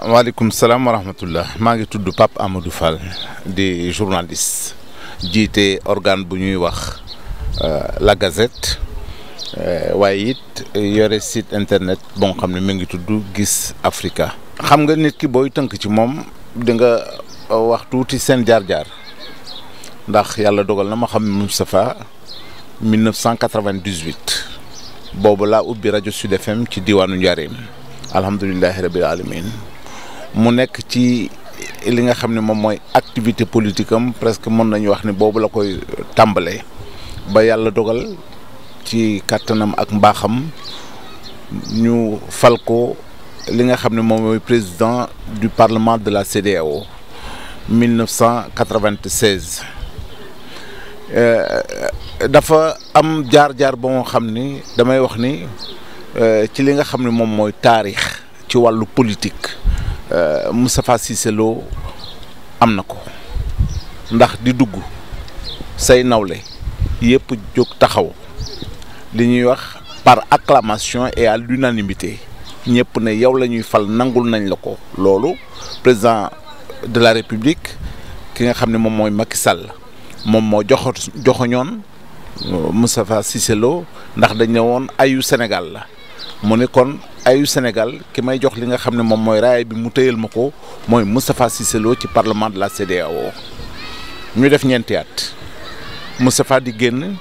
waaleykum salaam wa maa ngi tudd pap Amadou Fall di journaliste jiite organe bu ñuy wax euh, La Gazette euh, waaye it yore site internet boo xam ne mi ngi tudd Gis Africa. xam nga nit ki booy tënk ci moom di nga euh, wax tuuti seen jaar-jaar ndax yàlla dogal na ma xam Moustapha 1998 boobu laa ubbi rajo Sud FM ci diwaanu Njaareem alhamdulilahi rabbil alamin mu nekk ci li nga xam ne moom mooy activité politique am presque mën nañu wax ni boobu la koy tàmbalee ba yàlla dogal ci kàttanam ak mbaaxam ñu falko li nga xam ne moom mooy président du parlement de la CEDEAO 1996 euh, dafa am jaar-jaar ba moo xam ni damay wax ni euh, ci li nga xam ne moom mooy taarix ci wàllu politique Euh, Moustapha Cissé Lo am na ko ndax di dugg say nawle yëpp jóg taxaw li ñuy wax par acclamation et à l'unanimité ñëpp ne yow la ñuy fal nangul nañ la ko loolu président de la république ki nga xam ne moom mooy Macky Sall moom moo joxo joxoñoon euh, Moustapha Cissé Lo ndax dañ ne woon ayu Sénégal la mu ne kon ayu Sénégal ki may jox li nga xam ne moom mooy raaya bi mu téyal ma ko mooy Moustapha Cissé ci parlement de la CEDEAO ñu def ñeenti at Moustapha di génn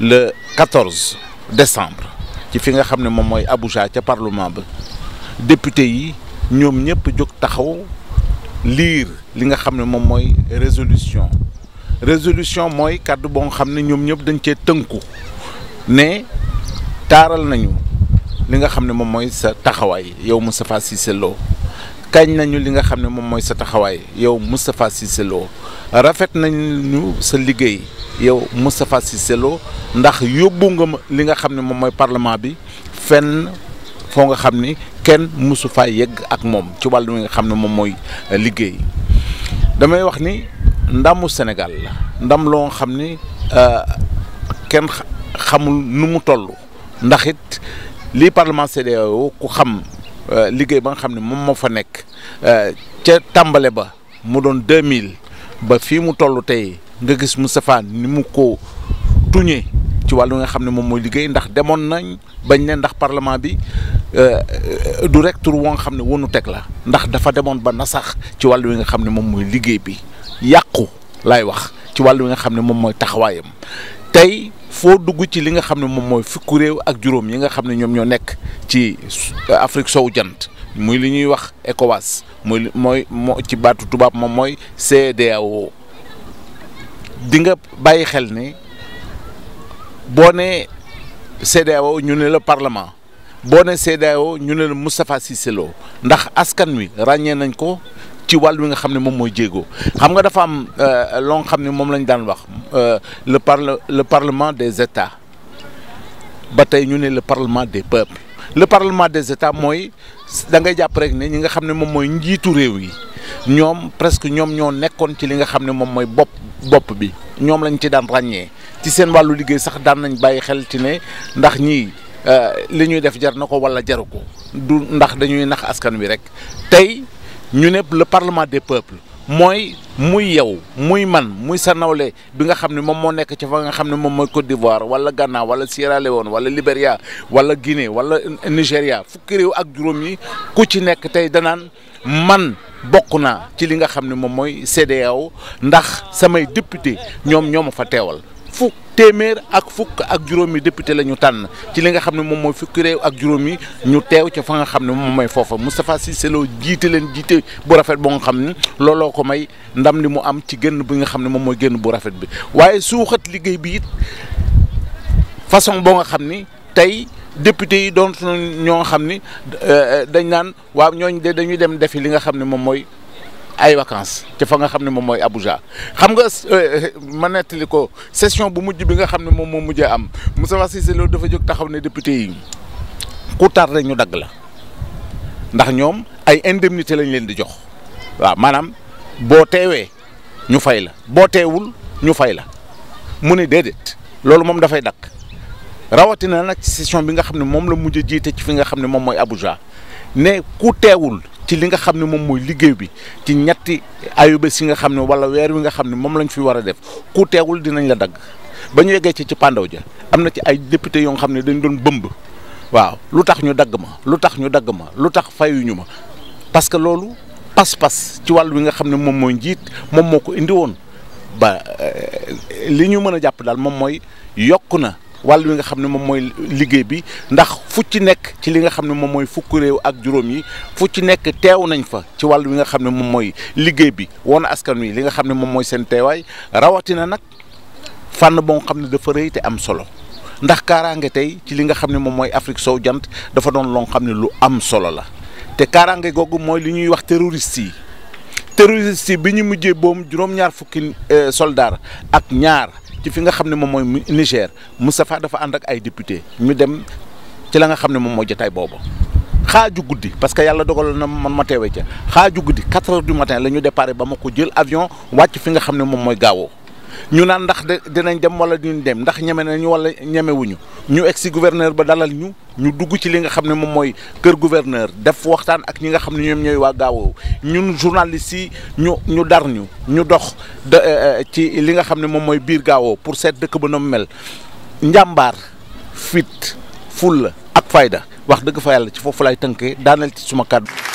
le 14 décembre ci fi nga xam ne moom mooy Abuja ca parlement ba député yi ñoom ñëpp jóg taxaw liir li nga xam ne moom mooy résolution résolution mooy kàddu boo xam ne ñoom ñëpp dañ cee tënku ne taaral nañu li nga xam ne moom mooy sa taxawaay yow Moustapha Cissé Lo kañ nañu li nga xam ne moom mooy sa taxawaay yow Moustapha Cissé Lo rafet nañu sa liggéey yow Moustapha Cissé Lo ndax yóbbu nga ma li nga xam ne moom mooy parlement bi fenn foo nga xam ni kenn mësu yegg ak moom ci wàllu mi nga xam ne moom mooy liggéey damay wax ni ndamu Sénégal ndam loo xam ni euh, kenn xamul nu mu toll ndax lii parlement CEDEAO ku xam euh, liggéey ba nga xam ne moom moo fa nekk euh, ca tàmbale ba mu doon 2000 ba fii mu toll tey nga gis Moustapha ni mu ko tuñee ci wàllu nga xam ne moom mooy liggéey ndax demoon nañ bañ ne ndax parlement bi euh, du rek tur xam ne wonu teg la ndax demoon ba nasax ci wàllu wi nga xam ne moom mooy liggéey bi yàqu laay wax ci wàll wi nga xam ne moom mooy taxawaayam tey foo dugg ci li nga xam ne moom mooy fukki réew ak juróom yi nga xam ne ñoom ñoo nekk ci Afrique sow jant muy li ñuy wax ECOWAS muy mooy moo ci baatu tubaab moom mooy CEDEAO di nga bàyyi xel ne boo nee CEDEAO ñu ne la parlement boo nee CEDEAO ñu ne la Moustapha Cissé ndax askan wi ràññee nañ ko. ci wàll wi nga xam ne moom mooy jéego xam nga dafa am euh, loo xam ne moom lañ daan wax euh, le parle le parlement des états ba tey ñu ne le parlement des peuples le parlement des états mooy da ngay jàpp rek ne ñi nga xam ne moom mooy njiitu réew yi ñoom presque ñoom ñoo nekkoon ci li nga xam ne moom mooy bopp bopp bi ñoom lañ ci daan ràññee ci seen wàllu liggéey sax daan nañ bàyyi xel ci ne ndax ñii euh, li ñuy def jar na ko wala jaru ko du ndax dañuy nax askan wi rek ñu ne le parlement des peuples mooy muy yow muy man muy sa nawle bi nga xam ne moom moo nekk ci fa nga xam ne moom mooy Côte d'Ivoire wala Ghana wala Sierra Leone wala Libéria wala Guinée wala Nigéria fukk réew ak juróom yi ku ci nekk tey danaan man bokk naa ci li nga xam ne moom mooy CEDEAO ndax samay député ñoom ñoo ma fa teewal. fukk téeméer ak fukk ak juróom juróomi député la ñu tànn ci li nga xam ne moom mooy fukki réew ak juróomi ñu teew ca fa nga xam ne moom mooy foofa Moustapha Cissé Lo leen jiite bu rafet ba nga xam ne looloo ko may ndam li mu am ci génn bi nga xam ne moom mooy génn bu rafet bi waaye suuxat liggéey bi it façon boo nga xam ni tey député yi doon ñoo xam ni euh, euh, dañ naan waaw ñooñ de dañuy dem defi li nga xam ne moom mooy ay vacances ci fa nga xam ne moom mooy Abuja xam nga euh, ma nettali ko session bu mujj bi nga xam ne moom moo mujjee am Moustapha Cissé Lo dafa jóg taxaw ne député yi ku tardé ñu dagg la ndax ñoom ay indemnité lañ leen di jox waaw maanaam boo teewee ñu fay la boo teewul ñu fay la mu ne déedéet loolu moom dafay dakk rawatina nag session bi nga xam ne moom la mujj jiite ci fi nga xam ne moom mooy Abuja ne ku teewul. ci li nga xam ne moom mooy liggéey bi ci ñetti ayubés yi nga xam ne wala weer wi nga xam ne moom lañ fi war a def ku teewul dinañ la dagg ba ñu yeggee ci ci pandaw ja am na ci ay député yoo xam ne dañ doon bëmb waaw lu tax ñu dagg ma lu tax ñu dagg ma lu tax ñu ma parce que loolu pas-pas ci wàll wi nga xam ne moom mooy njiit moom moo ko indi woon ba euh, li ñu mën a jàpp daal moom mooy yokk na. wàll wi nga xam ne moom mooy liggéey bi ndax fu ci nekk ci li nga xam ne moom mooy fukk réew ak juróom yi fu ci nekk teew nañ fa ci wàll wi nga xam ne moom mooy liggéey bi woon askan wi li nga xam ne moom mooy seen teewaay rawatina nag fànn boo xam ne dafa rëy te am solo ndax kaaraange tey ci li nga xam ne moom mooy Afrique sow jant dafa doon loo xam ne lu am solo la te kaaraange googu mooy li ñuy wax terroriste yi terroriste yi bi ñu mujjee boom juróom-ñaar fukki euh, soldaar ak ñaar. fi nga xam ne moom mooy Niger Moustapha dafa ànd ak ay député ñu dem ci la nga xam ne moom mooy jotaay boobu xaaju guddi parce que yàlla dogal na man ma teewee ca xaaju guddi quatre heures du matin la ñu départ ba ma ko jël avion wàcc fi nga xam ne moom mooy gaawoo ñu naan ndax dinañ dem wala duñ dem ndax ñeme nañu wala ñemewuñu ñu egg si gouverneur ba dalal ñu ñu dugg ci li nga xam ne moom mooy kër gouverneur def waxtaan ak ñi nga xam ne ñoom ñooy waa gaawoo ñun journalistes yi ñu ñu dar ñu ñu dox de euh, euh, ci li nga xam ne moom mooy biir gaawoo pour seet dëkk ba na mel njàmbaar fit fulla ak fayda wax dëgg fa yàlla ci foofu lay tënkee daaneel ci suma kàddu